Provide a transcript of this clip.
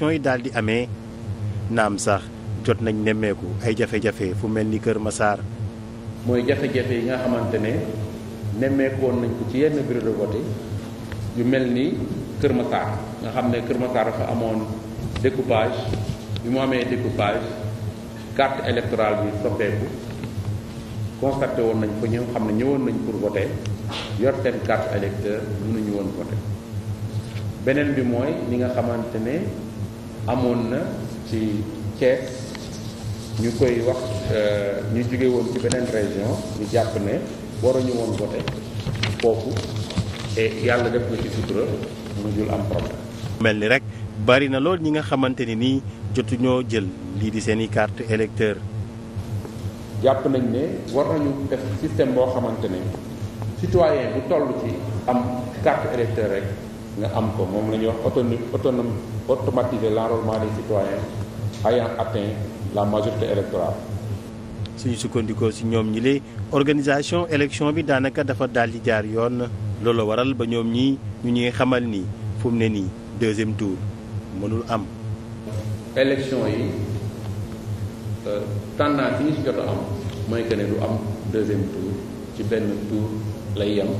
élection yi daal di amee naam sax jot nañ nemmeeku ay jafe-jafe fu mel ni Kër masaar mooy jafe-jafe yi nga xamante ne nemmeeku woon nañ ko ci yenn bureau de vote yu mel ni Kër Massar nga xam ne Kër Massar dafa amoon découpage bi mu amee découpage carte électorale bi soppeeku constaté woon nañ ko ñëw xam ne ñëwoon nañ pour voter yor seen carte électeur mënuñu woon voter beneen bi mooy li nga xamante ne. amoon na ci Thiès ñu koy wax euh, ñu jóge woon ci beneen région ñu jàpp ne waruñu woon voté foofu te yàlla def ko ci sutura mu jul am problème. mel ni rek bari na lool ñi nga xamante ni nii jotuñoo jël lii di seen i carte électeur jàpp nañ ne war nañu def système boo xamante ne citoyen bu toll ci am carte électeur rek. nga am ko moom la ñuy wax autonome autonome automatiser l'enrôlement des citoyens ayant atteint la majorité électorale. suñu sukkandikoo si ñoom ñi li organisation élection bi daanaka dafa daal di jaar yoon loolu waral ba ñoom ñi ñu ñuy xamal ni fu ne nii deuxième tour mënul am. élection yi euh, tendance mooy que am deuxième tour ci benn tour lay yem.